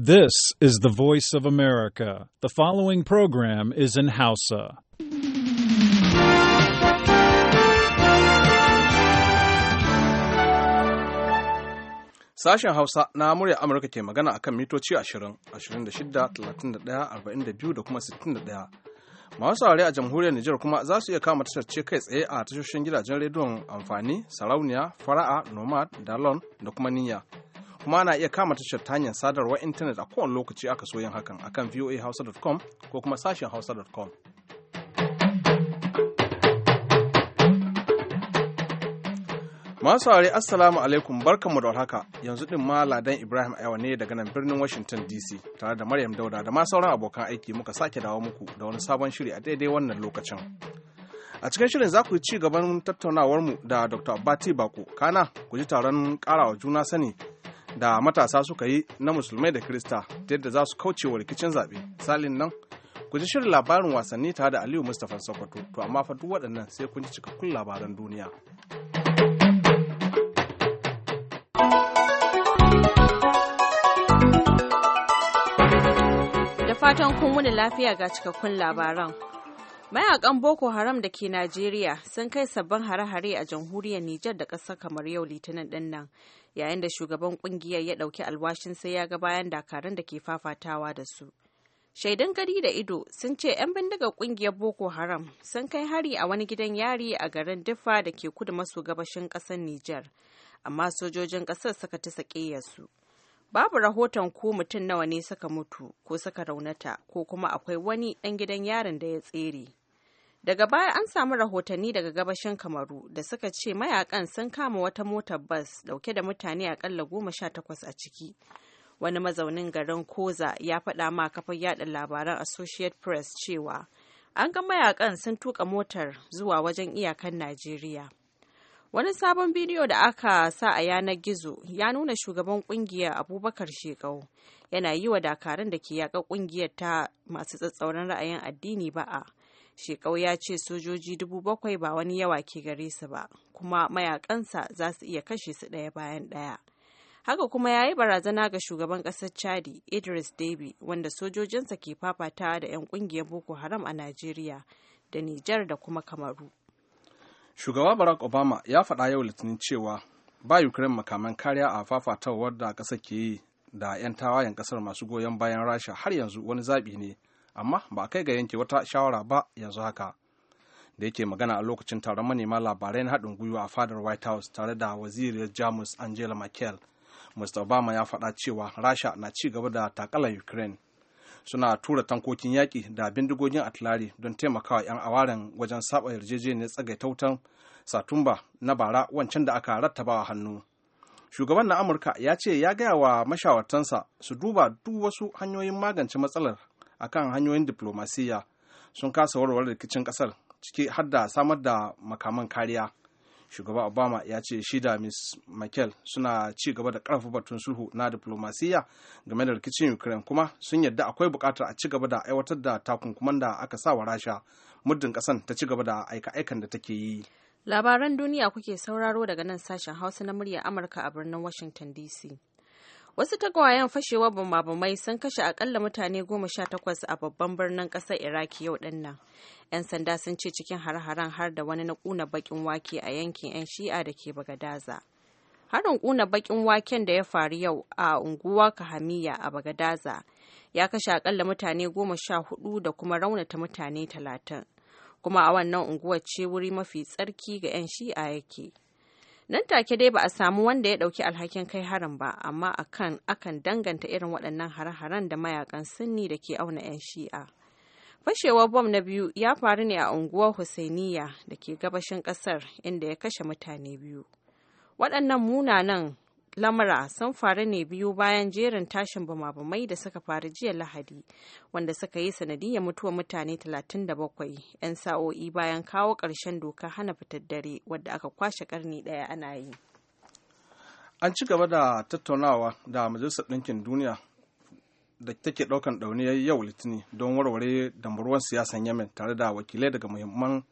This is the voice of America. The following program is in Hausa. Sashen Hausa na murya Amurka ke magana akan mitoci 20, 26, 31, 42 da kuma 61. masu saurare a jamhuriyar Nijar kuma za su iya kama tashar ce kai tsaye a tashoshin gidajen rediyon amfani sarauniya fara'a nomad dalon da kuma niyya kuma ana iya kama tashar ta hanyar sadarwar intanet a kowane lokaci aka so yin hakan akan voahausa.com ko kuma sashen hausa.com Masu saurari Assalamu alaikum barkanmu da warhaka yanzu din ma Ladan Ibrahim a ne daga nan birnin Washington DC tare da Maryam Dauda da ma sauran abokan aiki muka sake dawo muku da wani sabon shiri a daidai wannan lokacin. A cikin shirin za ku ci gaban tattaunawar mu da Dr. Abati Bako kana ku ji taron karawa juna sani da matasa suka yi na musulmai da Kirista ta yadda za su kauce wa rikicin zaɓe. Salin nan ku ji shirin labarin wasanni tare da Aliyu Mustapha Sokoto to amma fa duk waɗannan sai kun ji cikakkun labaran duniya. Da fatan kun wuni lafiya ga cikakkun labaran. Mayakan Boko Haram da ke Najeriya sun kai sabbin hare-hare a jamhuriyar Nijar da ƙasar kamar yau Litinin ɗin yayin da shugaban ƙungiyar ya ɗauki alwashin sai ya ga bayan dakarun da ke fafatawa da su. Shaidan gari da ido sun ce 'yan bindigar ƙungiyar Boko Haram sun kai hari a wani gidan yari a garin Diffa da ke kudu maso gabashin ƙasar Nijar. amma sojojin ƙasar suka ta su. Babu rahoton ko mutum nawa ne suka mutu ko suka raunata ko kuma akwai wani ɗan gidan yarin da ya tsere. Daga baya an samu rahotanni daga gabashin Kamaru da suka ce mayakan sun kama wata motar bas dauke da mutane akalla goma sha takwas a ciki. Wani mazaunin garin Koza ya faɗa ma kafar yaɗa labaran Associate Press cewa an ga mayakan sun tuka motar zuwa wajen iyakan Najeriya. Wani sabon bidiyo da aka sa a yanar gizo ya nuna shugaban kungiyar Abubakar Shekau yana yi wa dakarun da ke yaƙa kungiyar ta masu tsatsauran ra'ayin addini ba'a. Shekau ya ce sojoji dubu bakwai ba wani yawa ke gare su ba, kuma mayakansa za su iya kashe su ɗaya bayan ɗaya. Haka kuma ya yi barazana ga shugaban ƙasar Chadi Idris Deby wanda sojojinsa ke fafatawa da 'yan ƙungiyar Boko Haram a Najeriya da Nijar da kuma Kamaru. shugaba barack obama ya faɗa yau litinin cewa ba ukraine makaman kariya a fafatawar da ƙasa ke yi da 'yan tawayen ƙasar masu goyon bayan rasha har yanzu wani zaɓi ne amma ba a kai ga yanke wata shawara ba yanzu haka da yake magana a lokacin taron manema labarai na haɗin gwiwa a fadar white house tare da waziriyar jamus angela merkel mr obama ya faɗa cewa rasha na ci gaba da takalar ukraine suna tura tankokin yaƙi da bindigogin atilari don taimakawa 'yan awaren wajen saba yarjejeniyar tsagaitautan satumba na bara wancan da aka rattabawa hannu shugaban na amurka ya ce ya gaya wa mashawartansa su duba duk wasu hanyoyin magance matsalar akan hanyoyin diplomasiya sun kasa warware rikicin ƙasar ciki har da samar da makaman kariya shugaba obama ya ce shi da miss suna ci gaba da karfafa batun sulhu na diplomasiya game da rikicin ukraine kuma sun yadda akwai bukatar a ci gaba da aiwatar da takunkuman da aka sa wa rasha muddin kasan ta ci gaba da aika-aikan da take yi labaran duniya kuke sauraro daga nan sashen hausa na murya amurka a birnin washington dc Wasu tagwayen fashewar bumabumai sun kashe akalla mutane goma sha takwas a babban birnin ƙasar Iraki yau din nan. 'Yan sanda sun ce cikin har-haren har da wani na ƙuna bakin wake a yankin 'yan shi'a da ke Bagadaza. Harin ƙuna bakin waken da ya faru yau a unguwa Kahamiya a Bagadaza ya kashe akalla mutane goma sha hudu da kuma raunata mutane talatin. Kuma a wannan unguwar ce wuri mafi tsarki ga 'yan shi'a yake. nan take dai ba a samu wanda ya ɗauki alhakin kai harin ba amma akan akan danganta irin waɗannan hare-haren da mayakan sunni da ke auna 'yan shi'a fashewar bom na biyu ya faru ne a unguwar husainiya da ke gabashin ƙasar inda ya kashe mutane biyu waɗannan munanan lamura sun faru ne biyu bayan jerin tashin bumabumai da suka faru jiya lahadi wanda suka yi sanadiyar mutuwa mutane 37 'yan sa'o'i bayan kawo ƙarshen doka hana fitar dare wadda aka kwashe karni daya ana yi an ci gaba da tattaunawa da majalisar ɗinkin duniya da take ɗaukan ɗauniyar yau litinin don warware dambarwar siyasan yamen tare da wakilai daga muhimman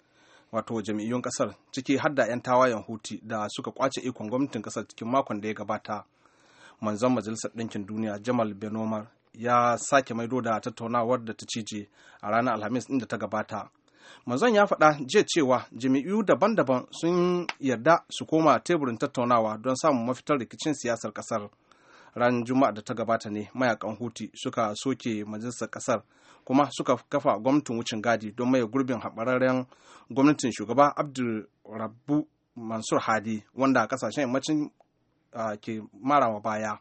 wato jam'iyyun kasar ciki har da 'yan tawayen huti da suka kwace ikon gwamnatin kasar cikin makon da ya gabata manzon majalisar ɗinkin duniya jamal benomar ya sake maido da tattaunawar da ta cije a ranar alhamis inda ta gabata manzon ya faɗa jiya cewa jami'u daban-daban sun yarda su koma teburin tattaunawa don samun mafitar rikicin siyasar ƙasar. kasar ranar juma'a da ta gabata ne mayakan huti suka soke majalisar kasar kuma suka kafa gwamnatin wucin gadi don maye gurbin haɓararren gwamnatin shugaba abdul rabu mansur hadi wanda kasashen yammacin ke marawa baya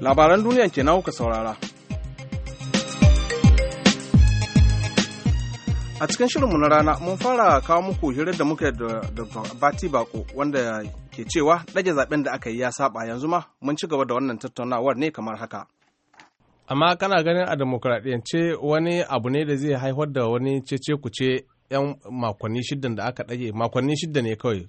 labaran duniya kenan kuka saurara a cikin shirinmu na rana mun fara kawo muku hirar da muka da dr bati bako wanda ke cewa ɗage zaben da aka yi ya saba yanzu ma mun ci gaba da wannan tattaunawar ne kamar haka amma kana ganin a demokradiyance wani abu ne da zai haifar da wani cece kuce yan makonni shidda da aka ɗage makonni shidda ne kawai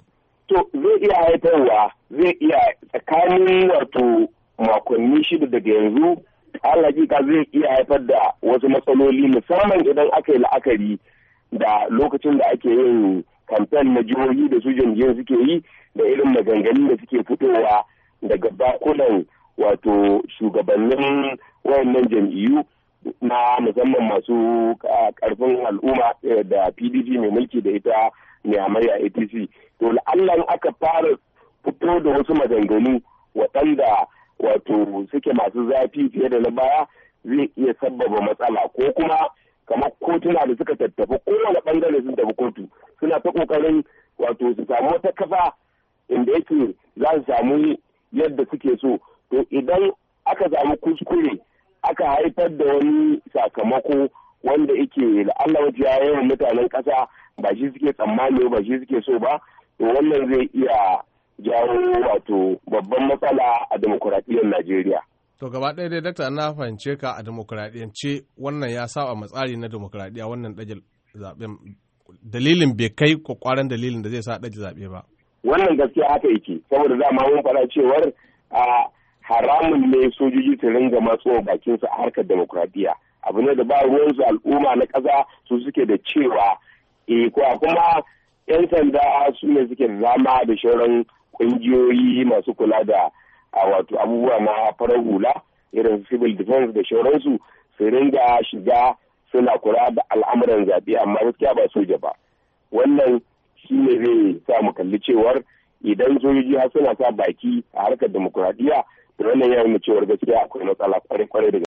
to zai iya haifarwa zai iya tsakanin wato makonni shida daga yanzu alhaƙiƙa zai iya haifar da wasu matsaloli musamman idan aka yi la'akari da lokacin da ake yin kamfen na jihohi da su jam'iyyar suke yi da irin maganganu da suke fitowa daga bakunan wato shugabannin wayannan jam'iyyu na musamman masu karfin al'umma eh, da pdp mai mulki da ita mai a apc to la'allan aka fara fito da wasu maganganu waɗanda wato suke masu zafi fiye da na baya zai iya sabbaba matsala ko kuma kamar kotuna da suka tattafa kowane bangare sun tafi kotu suna ta kokarin wato su samu wata kafa inda yake za su samu yadda suke so to idan aka samu kuskure aka haifar da wani sakamako wanda yake la'alla wata ya yawan mutanen ƙasa ba shi suke tsammani ba shi suke so ba to wannan zai iya jawo wato babban matsala a demokuraɗiyyar najeriya To gaba ɗaya dai dakta na fahimce ka a demokuraɗiyance wannan ya saba matsari na demokuraɗiya wannan ɗaje zaɓen dalilin bai kai kwakwaran dalilin da zai sa ɗaje zaɓe ba. Wannan gaskiya haka yake saboda za ma mun faɗa cewar a haramun ne sojoji su ringa matso bakinsu a harkar demokuraɗiyya abu ne da ba ruwansu al'umma na ƙasa su suke da cewa e kuma 'yan sanda su ne suke zama da shauran ƙungiyoyi masu kula da a wato abubuwa na farar hula irin civil defense da shauransu su ringa shiga suna kula da al'amuran zaɓe amma gaskiya ba soja ba wannan shi ne zai sa mu kalli cewar idan sojoji har suna sa baki a harkar demokuraɗiyya da wannan ya mu cewar gaskiya akwai matsala kwarai kwarai daga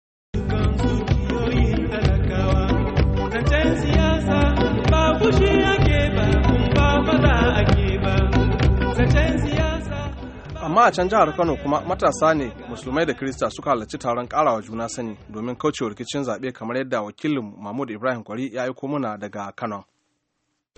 siyasa amma a can jihar kano kuma matasa ne musulmai da krista suka halarci taron karawa juna sani domin kaucewa rikicin zaɓe kamar yadda wakilin mahmud ibrahim kwari ya aiko muna daga kano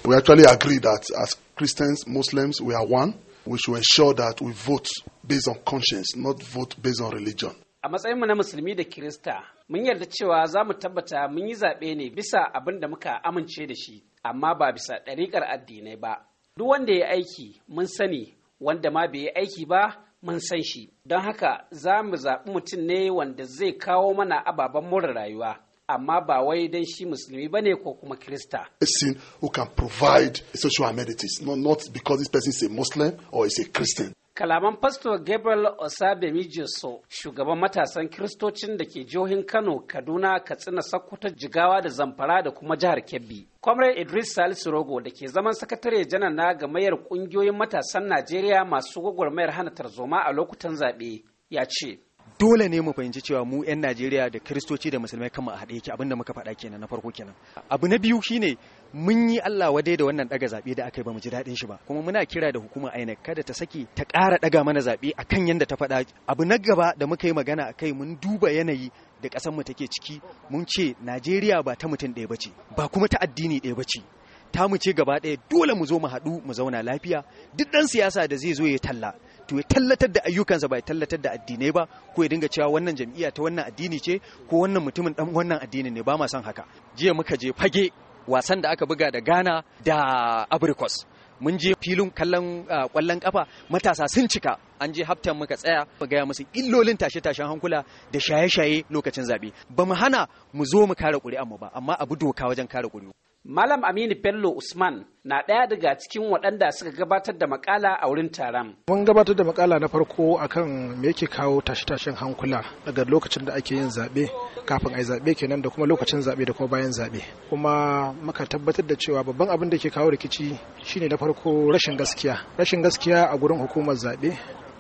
we actually agree that as christians muslims we are one we should ensure that we vote based on conscience not vote based on religion a matsayinmu na musulmi da kirista mun yarda cewa za mu tabbata mun yi zaɓe ne bisa abin da muka amince da shi amma ba bisa ɗariƙar addinai ba duk wanda ya aiki mun sani wanda ma bai yi aiki ba mun san shi don haka za mu zaɓi mutum ne wanda zai kawo mana ababen more rayuwa amma ba wai don shi musulmi ba ne ko kuma krista. person who can provide social amenities not because this person is a muslim or is a christian Kalaman Pastor Gabriel Osabemijeso, shugaban matasan Kiristocin da ke jihohin Kano, Kaduna, Katsina, Sokoto, Jigawa da Zamfara da kuma jihar Kebbi. Comrade Idris Salisu Rogo da ke zaman sakatare janar na mayar kungiyoyin matasan Najeriya masu gwagwarmayar hana tarzoma a lokutan zaɓe ya ce. dole ne mu fahimci cewa mu 'yan Najeriya da Kiristoci da Musulmai kama a haɗe yake abinda muka faɗa kenan na farko kenan. Abu na biyu shine mun yi Allah wadai da wannan daga zaɓe da aka yi ba mu ji daɗin shi ba kuma muna kira da hukuma INEC kada ta saki ta ƙara daga mana zaɓe akan yadda ta faɗa abu na gaba da muka yi magana a kai mun duba yanayi da ƙasar mu take ciki mun ce Najeriya ba ta mutum ɗaya bace ba kuma ta addini ɗaya bace ta mu ce gaba ɗaya dole mu zo mu haɗu mu zauna lafiya duk ɗan siyasa da zai zo ya talla to ya tallatar da ayyukansa ba ya tallatar da addinai ba ko ya dinga cewa wannan jam'iyya ta wannan addini ce ko wannan mutumin dan wannan addini ne ba ma son haka jiya muka je fage wasan da aka buga da Ghana da Abrikos. mun je filin kallon kwallon ah, kafa matasa sun cika an je haftan muka tsaya mu gaya musu illolin tashe-tashen hankula da shaye-shaye lokacin zaɓe ba mu hana mu zo mu kare ƙuri'an mu ba amma abu doka wajen kare ƙuri'u Malam Aminu Bello Usman na ɗaya daga cikin waɗanda suka gabatar da makala a wurin taron. Mun gabatar da makala na farko akan me yake kawo tashe-tashen hankula daga lokacin da ake yin zaɓe kafin a yi zaɓe kenan da kuma lokacin zaɓe da kuma bayan zaɓe. Kuma muka tabbatar da cewa babban abin da ke kawo rikici shine na farko rashin gaskiya. Rashin gaskiya a gurin hukumar zaɓe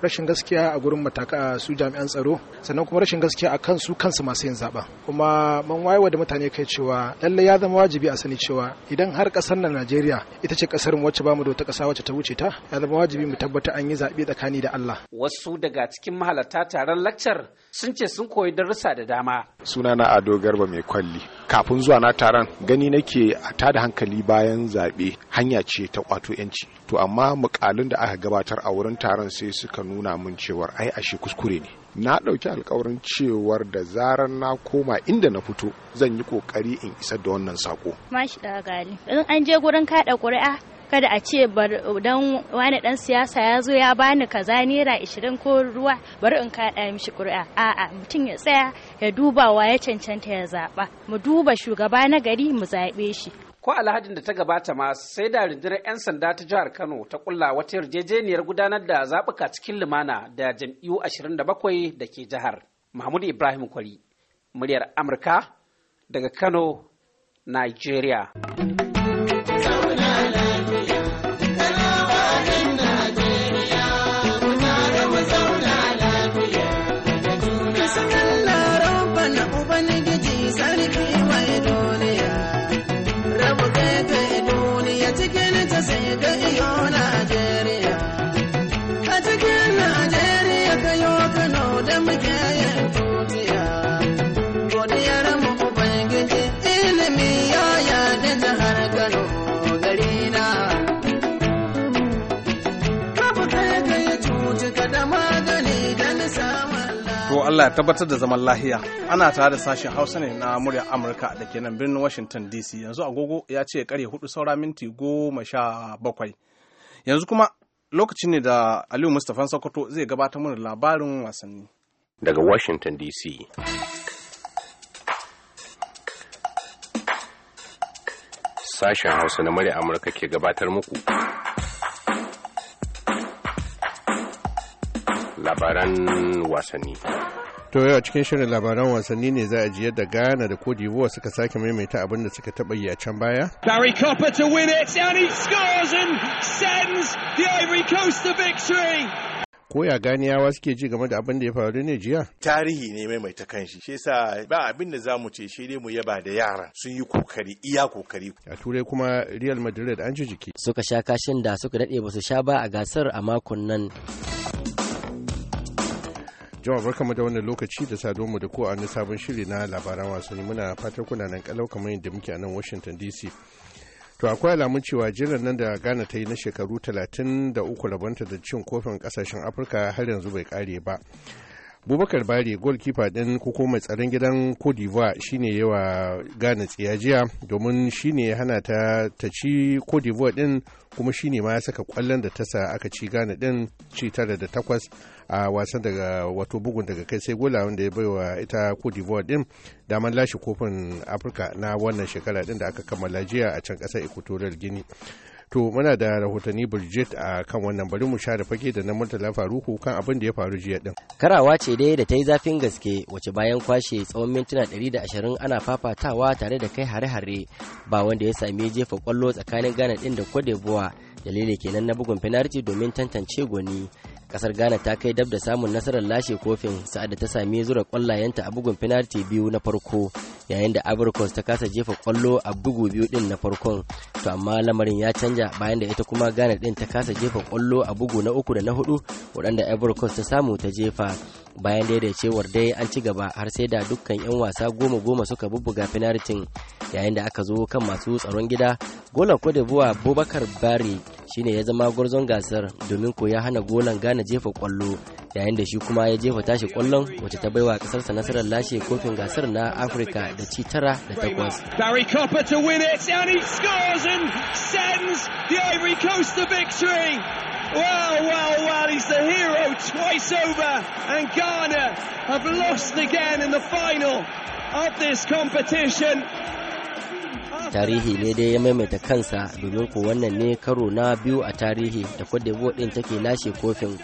rashin gaskiya a gurin mataka su jami'an tsaro sannan kuma rashin gaskiya a kan su kansu masu yin zaɓa kuma man wayewa da mutane kai cewa lallai ya zama wajibi a sani cewa idan har ƙasar nan najeriya ita ce ƙasar mu wacce bamu da wata ƙasa wacce ta wuce ta ya zama wajibi mu tabbata an yi zaɓe tsakani da allah wasu daga cikin mahalarta taron lakcar sun ce sun koyi darussa da dama sunana ado garba mai kwalli kafin zuwa na taron gani nake a tada hankali bayan zaɓe hanya ce ta kwato yanci to amma mukalin da aka gabatar a wurin taron sai suka nuna mun cewar ai ashe kuskure ne na ɗauki alkawarin cewar da zarar na koma inda na fito zan yi ƙoƙari in isar da wannan saƙo. Mashi ɗaga gali. In an je gurin kaɗa ƙuri'a kada a ce dan wani dan siyasa ya zo ya bani kaza naira ishirin ko ruwa bari in kaɗa mishi ƙuri'a a'a mutum ya tsaya ya duba wa ya cancanta ya zaɓa mu duba shugaba na gari mu zaɓe shi ko alhajin da ta gabata ma sai da rundunar 'yan sanda ta jihar kano ta kulla wata yarjejeniyar gudanar da zaɓuka cikin lumana da jam'iyyu 27 da ke jihar mahmud ibrahim kwari muryar amurka daga kano nigeria Allah ya tabbatar da zaman lahiya. Ana tare da sashen Hausa ne na muryar Amurka da ke nan birnin Washington DC. Yanzu agogo ya ce karye hudu saura minti goma sha bakwai. Yanzu kuma lokaci ne da Aliyu Mustapha Sokoto zai gabatar mana labarin wasanni. Daga Washington DC. Sashen Hausa na murya Amurka ke gabatar muku. labaran wasanni. To yau cikin shirin labaran wasanni ne za a ji yadda Ghana da Cote d'Ivoire suka sake maimaita abin da suka taɓa yi a can baya. Barry Copper to win it and he scores and sends the Ivory Coast to victory. Koya ganiyawa suke ji game da abin da ya faru ne jiya? Tarihi ne maimaita kanshi, shi yasa ba abin da za mu ce shi dai mu yaba da yara sun yi kokari iya kokari. A turai kuma Real Madrid an ji jiki. Suka sha kashin da suka dade ba su sha ba a gasar a makon nan. jama'a barkamu da wannan lokaci da sa mu da ko a sabon shiri na labaran wasanni muna fatar kuna nan kalau kamar yadda muke a nan Washington DC. To akwai alamun cewa jiran nan da Ghana ta yi na shekaru talatin da 33 rabonta da cin kofin kasashen Afirka har yanzu bai kare ba. Bubakar bari goalkeeper din koko mai tsaron gidan Cote d'Ivoire shine yawa gane tsiyajiya domin shine ya hana ta ta ci Cote d'Ivoire din kuma shine ma ya saka kwallon da ta sa aka ci gane din ci tara da takwas a wasan daga wato bugun daga kai sai gola wanda ya baiwa ita Cote d'Ivoire din daman lashe kofin Afirka na wannan shekara din da aka kammala jiya a can kasar Equatorial Guinea. to muna da rahotanni Bridget a kan wannan bari mu share fage da na Murtala ko kan abin da ya faru jiya din karawa ce dai da ta yi zafin gaske wace bayan kwashe tsawon mintuna 120 ana fafatawa tare da kai hare-hare ba wanda ya sami jefa kwallo tsakanin Ghana din da Cote d'Ivoire kenan na bugun penalty domin tantance goni kasar ghana ta kai dab da samun nasarar lashe kofin sa'ad da ta sami zura kwallayenta a bugun finalti biyu na farko yayin da abrikos ta kasa jefa kwallo a bugu biyu din na farkon to amma lamarin ya canja bayan da ita kuma ghana din ta kasa jefa kwallo a bugu na uku da na hudu waɗanda abrikos ta samu ta jefa bayan da daidaicewar dai an ci gaba har sai da dukkan 'yan wasa goma goma suka bubbuga finaltin yayin da aka zo kan masu tsaron gida Bubakar Bari ya zama gwarzon gasar domin ko ya hana golan jefa kwallo yayin da shi kuma ya jefa tashi kwallon wacce ta baiwa kasarsa nasarar lashe kofin gasar na Afirka da ci tara da takwas. Barry Copper to win it and he scores and sends the Ivory Coast to victory. Wow, wow, wow, he's the hero twice over and Ghana have lost again in the final of this competition. tarihi ne dai ya maimaita kansa domin ko wannan ne karo na biyu a tarihi da Cote ɗin take lashe kofin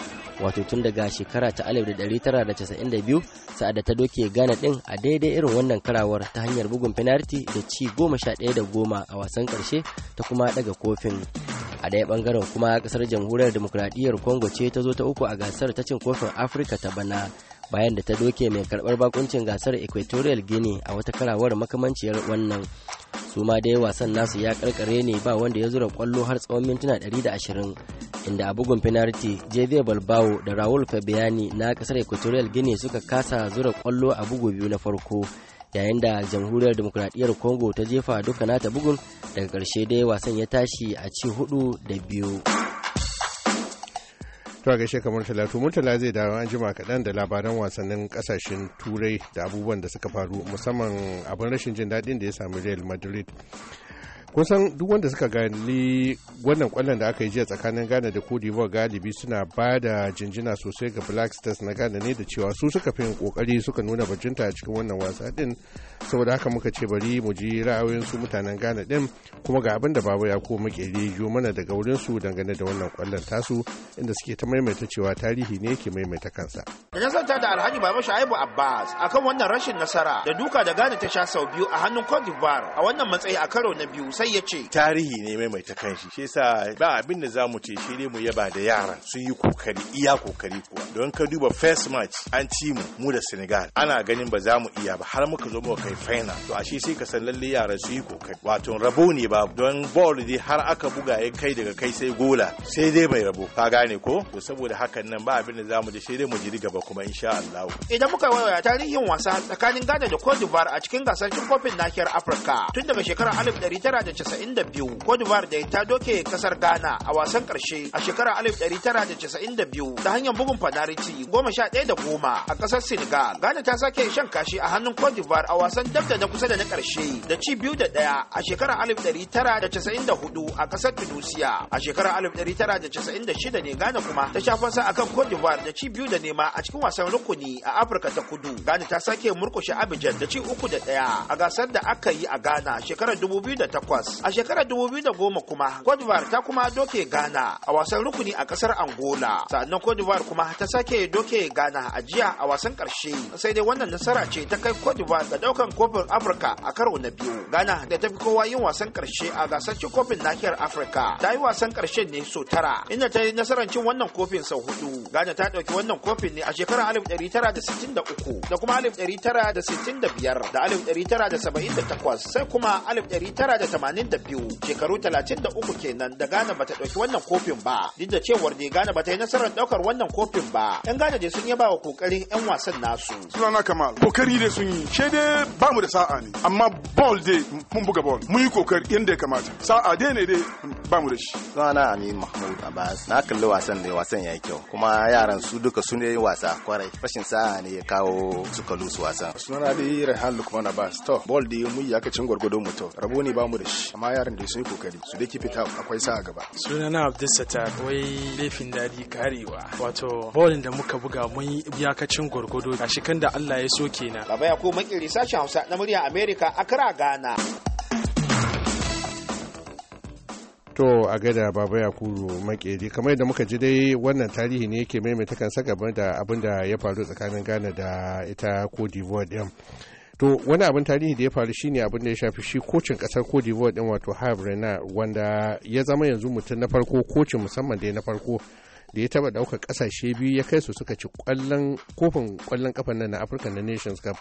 wato tun daga shekara ta 1992 sa'ad da ta doke Ghana ɗin a daidai irin wannan karawar ta hanyar bugun penalty da ci goma sha ɗaya da goma a wasan ƙarshe ta kuma daga kofin a ɗaya ɓangaren kuma ƙasar jamhuriyar demokradiyyar congo ce ta zo ta uku a gasar ta cin kofin afirka ta bana bayan da ta doke mai karbar bakuncin gasar equatorial guinea a wata karawar makamanciyar wannan su ma dai wasan nasu ya karkare ne ba wanda ya zura kwallo har tsawon mintuna 120 inda a bugun penalty javier balbao da raul fabiani na kasar equatorial guinea suka kasa zura kwallo a bugu biyu na farko yayin da jamhuriyar demokuraɗiyyar congo ta jefa duka nata bugun daga ƙarshe dai wasan ya tashi a ci hudu da biyu. to gaishe kamar talatu murtala zai dawo an jima kaɗan da labaran wasannin ƙasashen turai da abubuwan da suka faru musamman abin rashin jin daɗin da ya sami real madrid kusan duk wanda suka gani wannan kwallon da aka yi jiya tsakanin ghana da cote d'ivoire galibi suna ba da jinjina sosai ga black stars na ghana ne da cewa su suka fi yin kokari suka nuna bajinta a cikin wannan wasa din saboda haka muka ce bari mu ji ra'ayoyin su mutanen ghana din kuma ga abin da baba ya koma makeri yo mana daga wurin su dangane da wannan kwallon tasu inda suke ta maimaita cewa tarihi ne ke maimaita kansa da kasanta da alhaji baba shaibu abbas akan wannan rashin nasara da duka da ghana ta sha sau biyu a hannun cote d'ivoire a wannan matsayi a karo na biyu sai ya ce tarihi ne mai mai ta kanshi shi yasa ba abin da zamu ce shi ne mu yaba da yaran sun yi kokari iya kokari kuwa don ka duba first match an ci mu mu da Senegal ana ganin ba za mu iya ba har muka zo muka kai final to ashe sai ka san lalle yaran sun yi kokari wato rabo ne ba don ball dai har aka buga ya kai daga kai sai gola sai dai bai rabo ka gane ko to saboda hakan nan ba abin da zamu ji sai dai mu ji gaba kuma insha Allah idan muka waya tarihin wasa tsakanin Gada da Cote d'Ivoire a cikin gasar cin kofin nahiyar Afirka tun daga shekarar 1900 1992 Cote d'Ivoire da ta doke kasar Ghana a wasan karshe a shekarar 1992 ta hanyar bugun fanariti goma sha ɗaya da goma a kasar Senegal. Ghana ta sake shan kashi a hannun Cote a wasan dab da na kusa da na karshe da ci biyu da daya a shekarar 1994 a kasar Tunisia. A shekarar 1996 ne Ghana kuma ta sha fasa akan Cote d'Ivoire da ci biyu da nema a cikin wasan rukuni a Afirka ta Kudu. Ghana ta sake murkushe Abidjan da ci uku da daya a gasar da aka yi a Ghana shekarar 2008. takwas a shekarar goma kuma Cote ta kuma doke Ghana a wasan rukuni a kasar Angola sannan Cote kuma ta sake doke Ghana a jiya a wasan karshe sai dai wannan nasara ce ta kai Cote d'Ivoire ga daukan kofin Afirka a karo na biyu Ghana da ta fi kowa yin wasan karshe a gasar cin kofin nahiyar Afirka ta yi wasan karshe ne sau tara inda ta yi nasarar cin wannan kofin sau hudu Ghana ta dauki wannan kofin ne a shekarar 1963 da kuma 1965 da 1978 sai kuma 1980 1982 shekaru 33 kenan da Ghana bata dauki wannan kofin ba duk da cewar ne Ghana bata yi nasarar daukar wannan kofin ba yan Ghana dai sun yaba wa kokarin yan wasan nasu sunana Kamal kokari dai sun yi she dai ba mu da sa'a ne amma ball dai mun buga ball mun yi kokari yanda ya kamata sa'a dai ne dai ba mu da shi sunana Amin Mahmud Abbas na kalli wasan da wasan yayi kyau kuma yaran su duka sun yi wasa kwarai rashin sa'a ne ya kawo kalu su wasan sunana dai Rehan Lukman Abbas to ball dai mun yi aka cin gwargwado mu to rabo ne ba mu da shi amma yaran da sun yi kokari su dai fita akwai sa gaba sunana na satar wai laifin dadi karewa wato bolin da muka buga mun yi iyakacin gwargwado shi kan da Allah ya so na. baba ya ko makiri sashen Hausa na murya America Accra Ghana To a gada Baba Yakubu Makeri kamar yadda muka ji dai wannan tarihi ne yake maimaita kansa gaban da abin da ya faru tsakanin Ghana da ita Cote d'Ivoire din. to wani abin tarihi da ya faru shine abin da ya shafi shi kocin kasar cote d'ivoire din wato havre na wanda ya zama yanzu mutum na farko kocin musamman da ya na farko da ya taba daukar kasashe biyu ya kai su suka ci kwallon kofin kwallon kafan nan na Africa na Nations Cup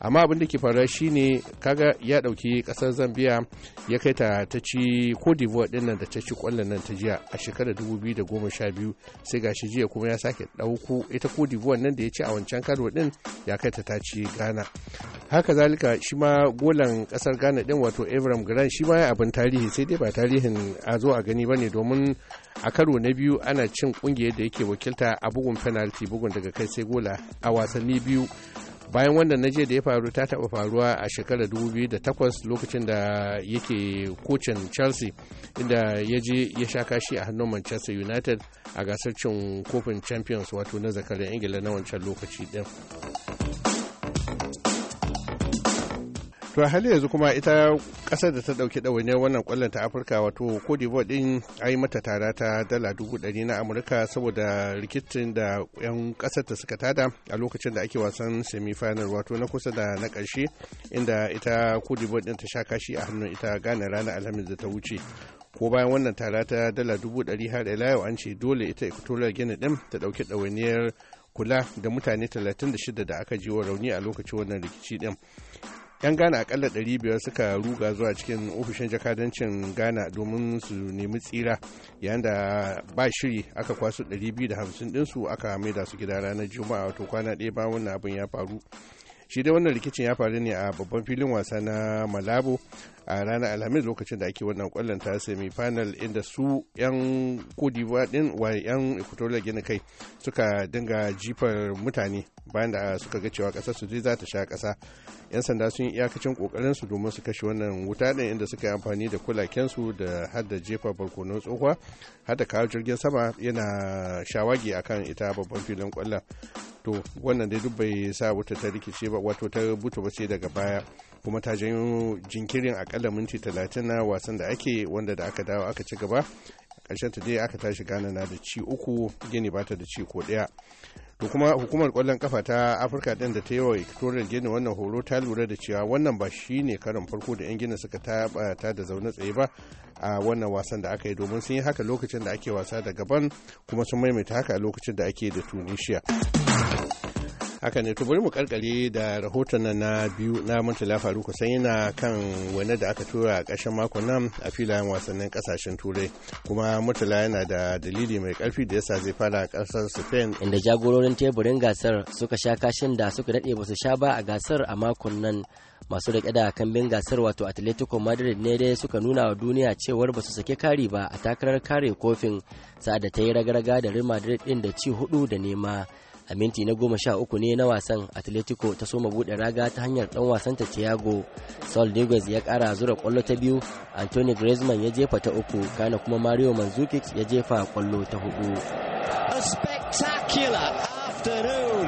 amma abin da ke faruwa shine kaga ya dauki kasar Zambia ya kai ta ta ci Cote din da ta ci kwallon nan ta jiya a shekarar biyu. sai gashi jiya kuma ya sake dauko ita Cote d'Ivoire nan da ya ci a wancan karo din ya kai ta ta ci Ghana haka zalika shi ma golan kasar Ghana din wato Evram Grant shi ma ya abin tarihi sai dai ba tarihin a zo a gani bane domin a karo na biyu ana cin kungiyar da yake wakilta a bugun penalty bugun daga kai sai gola a wasanni biyu bayan wannan naje da ya faru ta taba faruwa a shekarar 2008 lokacin da yake kocin chelsea inda ya je ya sha kashi a hannun manchester united a gasar cin kofin champions wato na zakarin ingila na wancan lokaci din. to a hali yanzu kuma ita kasar da ta dauki ɗawainiyar wannan kwallon ta afirka wato kodibo d'ivoire din a yi mata tara ta dala dubu ɗari na amurka saboda rikicin da yan kasar ta suka tada a lokacin da ake wasan semifinal wato na kusa da na ƙarshe inda ita cote din ta sha kashi a hannun ita gane ranar alhamis da ta wuce ko bayan wannan tara ta dala dubu ɗari har ila yau an ce dole ita equatorial guinea din ta ɗauki ɗawainiyar kula da mutane 36 da aka jiwa rauni a lokacin wannan rikici din 'yan ghana akalla 500 suka ruga zuwa cikin ofishin jakadancin ghana domin su nemi tsira yayin da ba shiri aka kwaso 250 dinsu aka maida su gida ranar juma'a wato kwana ɗaya ba wannan abin ya faru shi dai wannan rikicin ya faru ne a babban filin wasa na malabo a ranar alhamis lokacin da ake wannan kwallon ta semi final inda su yan kodiwa din wa yan equatorial gini kai suka dinga jifar mutane bayan da suka ga cewa kasar su za ta sha kasa yan sanda sun yi iyakacin kokarin su domin su kashe wannan wuta din inda suka yi amfani da kulaken su da har da jefa barkonon tsohuwa har da kawo jirgin sama yana shawagi akan ita babban filin kwallon to wannan dai duk bai sa wuta ta rikice ba wato ta butu ba sai daga baya kuma ta janyo jinkirin akalla minti talatin na wasan da ake wanda da aka dawo aka ci gaba ƙarshen ta dai aka tashi gana na da ci uku gini bata da ci ko ɗaya to kuma hukumar kwallon kafa ta afirka din da ta yi wa equatorial gini wannan horo ta lura da cewa wannan ba shi ne karin farko da 'yan ginin suka ta da zaune tsaye ba a wannan wasan da aka yi domin sun yi haka lokacin da ake wasa da gaban kuma sun maimaita haka a lokacin da ake da tunisia haka ne to bari mu karkare da rahoton nan na biyu na murtala faruku san yana kan wani da aka tura a ƙarshen mako nan a filayen wasannin kasashen turai kuma murtala yana da dalili mai karfi da yasa zai fara ƙasar spain inda jagororin teburin gasar suka sha kashin da suka dade ba su sha ba a gasar a makon nan masu riƙe da kambin gasar wato atletico madrid ne dai suka nuna wa duniya cewar ba su sake kari ba a takarar kare kofin sa'ad da ta yi ragaraga da real madrid ɗin da ci hudu da nema a minti na goma sha uku ne na wasan atletico ta soma bude raga ta hanyar ɗan ta thiago saul Diguez ya kara zura kwallo ta biyu anthony griezmann ya jefa ta uku kana kuma mario manzukic ya jefa kwallo ta hudu A spectacular afternoon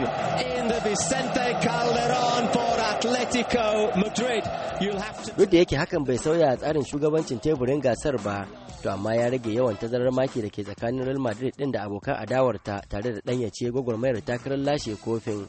in the Vicente Calderon Atletico Madrid Duk da yake hakan bai sauya tsarin shugabancin teburin gasar ba to amma ya rage yawan tazarar maki da ke tsakanin Real Madrid din da abokan adawarta tare da ce gwagwarmayar takarar lashe kofin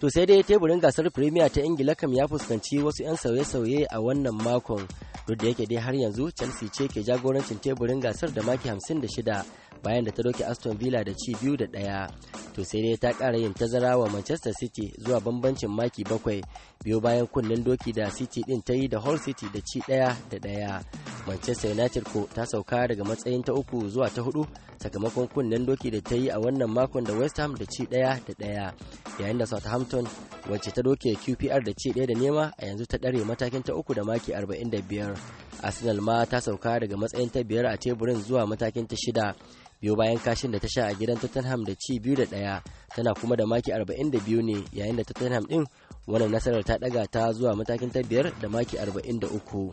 to sai dai teburin gasar Premier ta Ingila kam ya fuskanci wasu 'yan sauye-sauye a wannan makon duk da yake dai har yanzu Chelsea ce ke jagorancin teburin gasar da maki 56 bayan da ta doke aston villa da ci biyu da ɗaya to sai dai ta kara yin tazara wa manchester city zuwa bambancin maki bakwai biyu bayan kunnen doki da city din ta yi da hull city da ci ɗaya da ɗaya manchester united ko ta sauka daga matsayin ta uku zuwa ta hudu sakamakon kunnen doki da ta yi a wannan makon da west ham da ci daya da ɗaya yayin da southampton wacce ta doke qpr da ci daya da nema a yanzu ta ɗare matakin ta uku da maki arba'in da biyar. arsenal ma ta sauka daga matsayin ta biyar a teburin zuwa matakin ta shida biyo bayan kashin da ta sha a gidan tottenham da ci biyu da daya tana kuma da maki 42 ne yayin da tottenham din wannan nasarar ta ɗaga ta zuwa matakin ta biyar da maki 43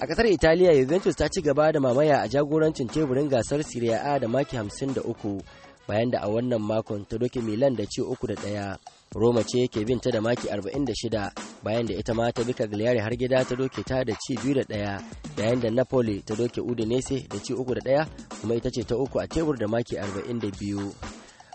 a kasar italiya juventus ta ci gaba da mamaya a jagorancin teburin gasar serie a da maki 53 bayan da a wannan makon ta doke Milan da ci uku da ɗaya. Roma ce ke bin ta da maki 46 bayan da ita ma ta bika giliyare har gida ta doke ta da ci biyu da ɗaya yayin da Napoli ta doke Udinese da ci uku da ɗaya kuma ita ce ta uku a tebur da maki 42.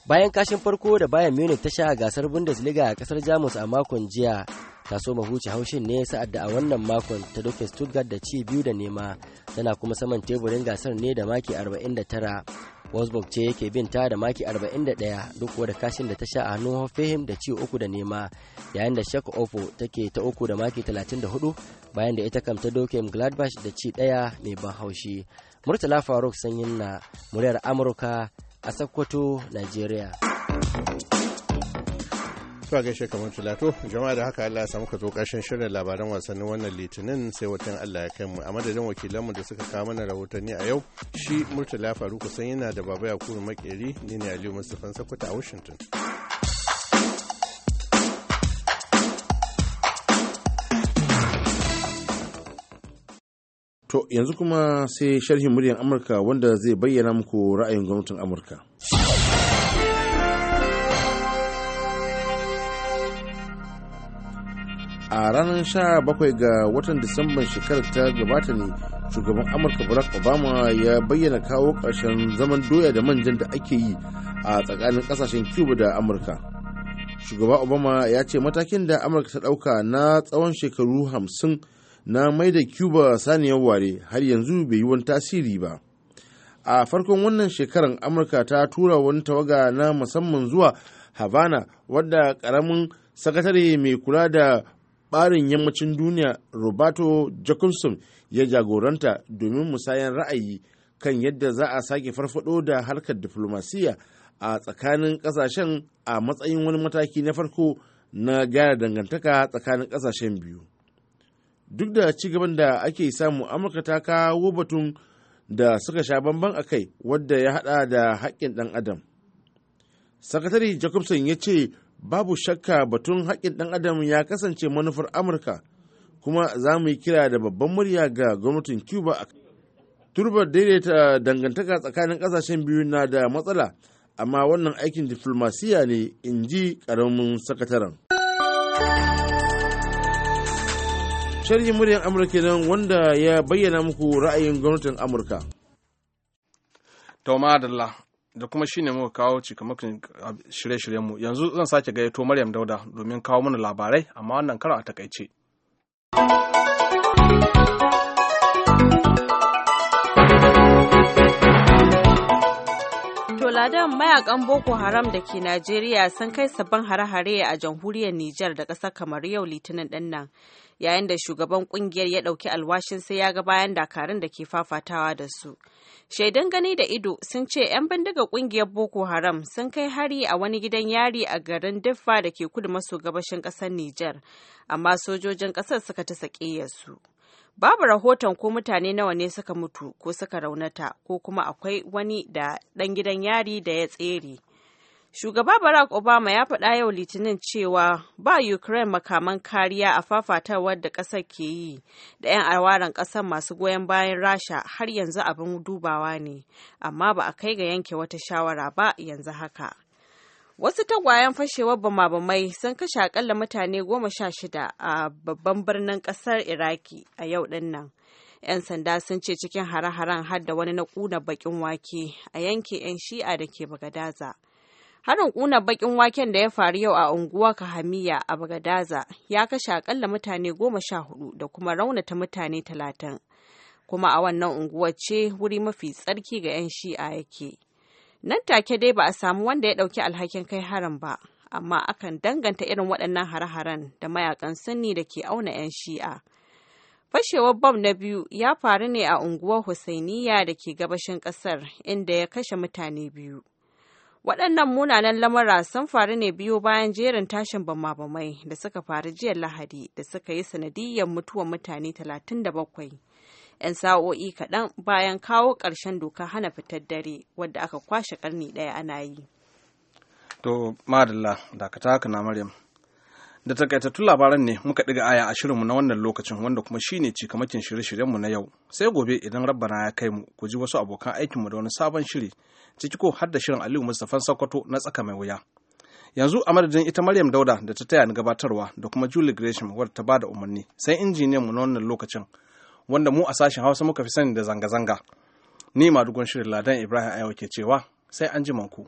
Bayan kashin farko da bayan Munich ta sha gasar Bundesliga a kasar Jamus a makon jiya ta so huce haushin ne sa'ad da a wannan makon ta doke Stuttgart da ci biyu da nema tana kuma saman teburin gasar ne da maki 49 Wolfsburg ce yake bin ta da maki 41 duk da kashin da ta sha a hannun Hoffenheim da ci uku da nema yayin da Schalke Ofo take ta uku da maki 34 bayan da ita kam ta doke Gladbach da ci daya mai ban haushi. Murtala Faruk sanyin na muryar Amurka a Sokoto, Najeriya. Tuwa gaishe kamar tulato, jama'a da haka Allah ya samu ka zo kashin shirin labaran wasannin wannan litinin sai watan Allah ya kai mu. A madadin wakilanmu da suka kawo mana rahotanni a yau, shi Murtala Faru san yana da Baba Yakubu Makeri, ni ne Aliyu Mustapha Sakwata a Washington. To yanzu kuma sai sharhin muryar Amurka wanda zai bayyana muku ra'ayin gwamnatin Amurka. a ranar 17 ga watan disamban shekarar ta gabata ne shugaban amurka barack obama ya bayyana kawo ƙarshen zaman doya da manjan da ake yi a tsakanin ƙasashen cuba da amurka shugaba obama ya ce matakin da amurka ta ɗauka na tsawon shekaru 50 na mai da cuba saniyar ware har yanzu bai yi wani tasiri ba a farkon wannan shekarar amurka ta tura wani tawaga na musamman zuwa havana wadda ƙaramin sakatare mai kula da ɓarin yammacin duniya roberto jacobson ya jagoranta domin musayan ra'ayi kan yadda za a sake farfado da harkar diflomasiyya a tsakanin ƙasashen a matsayin wani mataki na farko na gyara dangantaka tsakanin ƙasashen biyu duk da cigaban da ake samu amurka ta kawo batun da suka sha bamban a kai wadda ya hada da haƙƙin ɗan adam sakatare jacobson ya ce babu shakka batun haƙƙin ɗan adam ya kasance manufar amurka kuma za mu yi kira da babban murya ga gwamnatin cuba a turbar daidaita dangantaka tsakanin ƙasashen biyu na da matsala amma wannan aikin diflomasiya ne in ji ƙaramin sakataren sharhi muryar amurka nan wanda ya bayyana muku ra'ayin gwamnatin amurka da kuma shi ne muka kawo cikamakin shirye-shiryenmu yanzu zan sake gayyato maryam dauda domin kawo mana labarai amma wannan karo a takaice. Ladan mayakan Boko Haram da ke Najeriya sun kai sabbin hare-hare a jamhuriyar Nijar da ƙasar kamar yau Litinin ɗin nan, yayin da shugaban ƙungiyar ya ɗauki alwashin sai ya ga bayan dakarun da ke fafatawa da su. Shaidan gani da ido sun ce 'yan bindiga ƙungiyar Boko Haram sun kai hari a wani gidan yari a garin Diffa da ke kudu maso gabashin ƙasar Nijar, amma sojojin ƙasar suka ta su. babu rahoton ko mutane nawa ne suka mutu ko suka raunata ko kuma akwai wani da ɗan gidan yari da ya tsere shugaba barack obama ya faɗa yau litinin cewa ba ukraine makaman kariya a fafatawar da ƙasar ke yi da 'yan awaren ƙasar masu goyon bayan rasha har yanzu abin dubawa ne amma ba a kai ga yanke wata shawara ba yanzu haka Wasu tagwayen fashewar bama-bamai sun kashe akalla mutane goma sha shida a babban birnin ƙasar Iraki a yau ɗin nan. 'Yan sanda sun ce cikin hare-haren har da wani na ƙuna baƙin wake a yanke 'yan shi'a da ke Bagadaza. Harin ƙuna baƙin waken da ya faru yau a unguwa Kahamiya a Bagadaza ya kashe akalla mutane goma sha hudu da kuma raunata mutane talatin. Kuma a wannan unguwar ce wuri mafi tsarki ga 'yan shi'a yake. Nan take dai ba a samu wanda ya ɗauki alhakin kai harin ba, amma akan danganta irin waɗannan hare-haren da mayakan sunni da ke auna 'yan shi'a. Fashewar bom na biyu ya faru ne a unguwar Husainiya da ke gabashin ƙasar inda ya kashe mutane biyu. Waɗannan munanan lamura sun faru ne biyu bayan jerin tashin bama-bamai da suka faru jiya Lahadi da suka yi sanadiyyar mutuwar mutane 37. 'yan sa'o'i kaɗan bayan kawo ƙarshen doka hana fitar dare wadda aka kwashe ƙarni ɗaya ana yi. To, madalla, dakata haka na Maryam. Da takaitattun labaran ne muka ɗiga aya a shirinmu na wannan lokacin wanda kuma shine cikamakin shirye-shiryenmu na yau. Sai gobe idan rabbana ya kai mu ku ji wasu abokan aikinmu da wani sabon shiri ciki ko har da shirin Aliyu Mustapha Sokoto na tsaka mai wuya. Yanzu a madadin ita Maryam Dauda da ta taya ni gabatarwa da kuma Julie Gresham wadda ta bada umarni sai injiniyanmu na wannan lokacin wanda mu a sashen hausa muka fi sani da zanga-zanga ni madugon shirin ladan ibrahim ayawa ke cewa sai an ji ku.